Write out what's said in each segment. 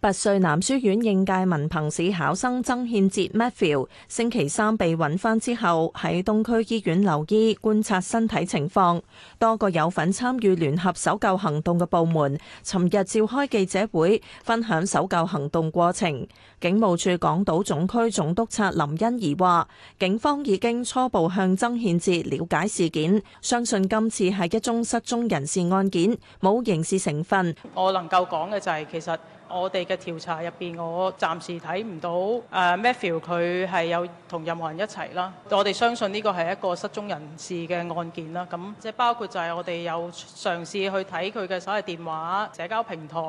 八歲男書院應屆文憑試考生曾憲哲 Matthew 星期三被揾翻，之後，喺東區醫院留醫觀察身體情況。多個有份參與聯合搜救行動嘅部門尋日召開記者會，分享搜救行動過程。警務處港島總區總督察林欣怡話，警方已經初步向曾憲哲了解事件，相信今次係一宗失蹤人士案件，冇刑事成分。我能夠講嘅就係、是、其實。我哋嘅調查入邊，我暫時睇唔到誒 Matthew 佢係有同任何人一齊啦。我哋相信呢個係一個失蹤人士嘅案件啦。咁即係包括就係我哋有嘗試去睇佢嘅所謂電話、社交平台，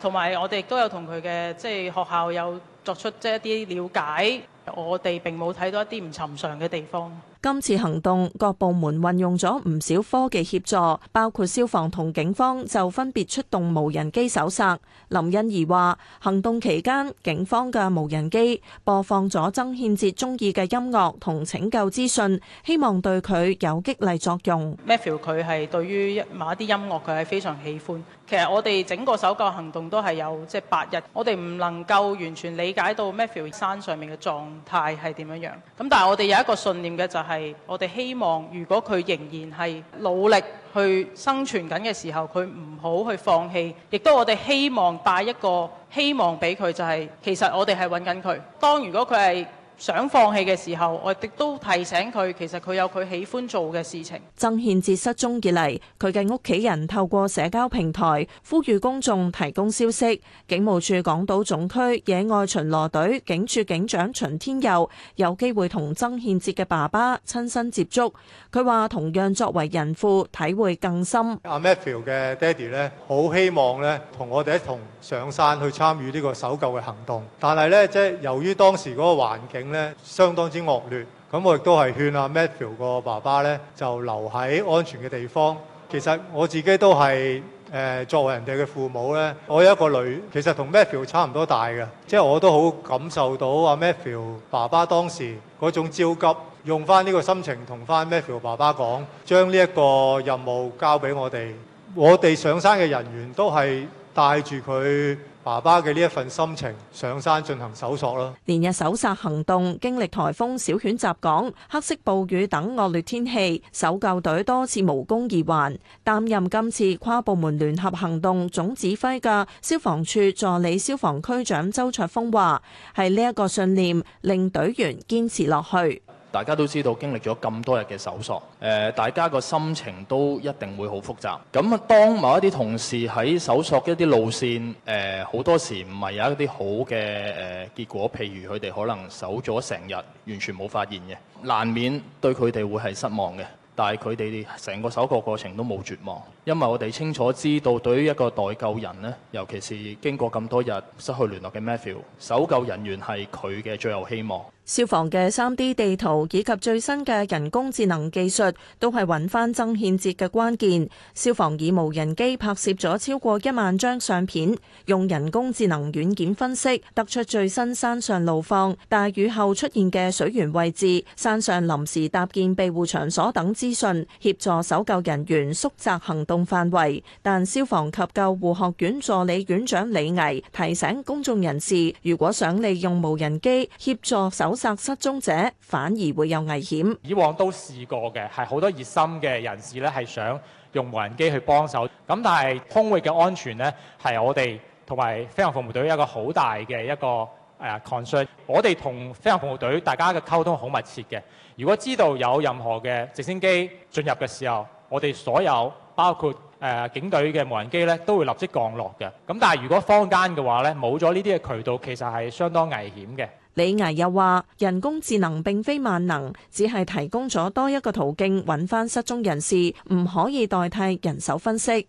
同埋我哋都有同佢嘅即係學校有作出即一啲了解。我哋並冇睇到一啲唔尋常嘅地方。今次行動，各部門運用咗唔少科技協助，包括消防同警方就分別出動無人機搜索。林欣怡話：行動期間，警方嘅無人機播放咗曾憲哲中意嘅音樂同拯救資訊，希望對佢有激勵作用。Matthew 佢係對於某一啲音樂佢係非常喜歡。其實我哋整個搜救行動都係有即係八日，我哋唔能夠完全理解到 Matthew 山上面嘅狀態係點樣樣？咁但係，我哋有一個信念嘅，就係我哋希望，如果佢仍然係努力去生存緊嘅時候，佢唔好去放棄。亦都我哋希望帶一個希望俾佢，就係其實我哋係揾緊佢。當如果佢係。想放棄嘅時候，我亦都提醒佢，其實佢有佢喜歡做嘅事情。曾憲哲失蹤以嚟，佢嘅屋企人透過社交平台呼籲公眾提供消息。警務處港島總區野外巡邏隊警署警長，秦天佑有機會同曾憲哲嘅爸爸親身接觸，佢話同樣作為人父，體會更深。阿 Matthew 嘅爹哋咧，好希望咧，同我哋一同上山去參與呢個搜救嘅行動，但係咧，即係由於當時個環境。咧，相當之惡劣，咁我亦都係勸阿 Matthew 個爸爸咧，就留喺安全嘅地方。其實我自己都係誒、呃、作為人哋嘅父母咧，我有一個女，其實同 Matthew 差唔多大嘅，即係我都好感受到阿 Matthew 爸爸當時嗰種焦急，用翻呢個心情同翻 Matthew 爸爸講，將呢一個任務交俾我哋，我哋上山嘅人員都係帶住佢。爸爸嘅呢一份心情，上山進行搜索咯。連日搜索行動經歷台風小犬襲港、黑色暴雨等惡劣天氣，搜救隊多次無功而還。擔任今次跨部門聯合行動總指揮嘅消防處助理消防區長周卓峰話，係呢一個信念令隊員堅持落去。大家都知道經歷咗咁多日嘅搜索，誒、呃，大家個心情都一定會好複雜。咁啊，當某一啲同事喺搜索一啲路線，誒、呃，好多時唔係有一啲好嘅誒、呃、結果，譬如佢哋可能搜咗成日，完全冇發現嘅，難免對佢哋會係失望嘅。但係佢哋成個搜索過程都冇絕望，因為我哋清楚知道，對於一個待救人咧，尤其是經過咁多日失去聯絡嘅 Matthew，搜救人員係佢嘅最後希望。消防嘅三 d 地圖以及最新嘅人工智能技術都係揾翻曾憲哲嘅關鍵。消防以無人機拍攝咗超過一萬張相片，用人工智能軟件分析，得出最新山上路況、大雨後出現嘅水源位置、山上臨時搭建庇護場所等資訊，協助搜救人員縮窄行動範圍。但消防及救護學院助理院長李毅提醒公眾人士，如果想利用無人機協助搜，失蹤者反而會有危險。以往都試過嘅，係好多熱心嘅人士咧，係想用無人機去幫手。咁但係空域嘅安全咧，係我哋同埋飛行服務隊一個好大嘅一個誒 concern。我哋同飛行服務隊大家嘅溝通好密切嘅。如果知道有任何嘅直升機進入嘅時候，我哋所有包括誒警隊嘅無人機咧，都會立即降落嘅。咁但係如果坊間嘅話咧，冇咗呢啲嘅渠道，其實係相當危險嘅。李毅又話：人工智能並非萬能，只係提供咗多一個途徑揾返失蹤人士，唔可以代替人手分析。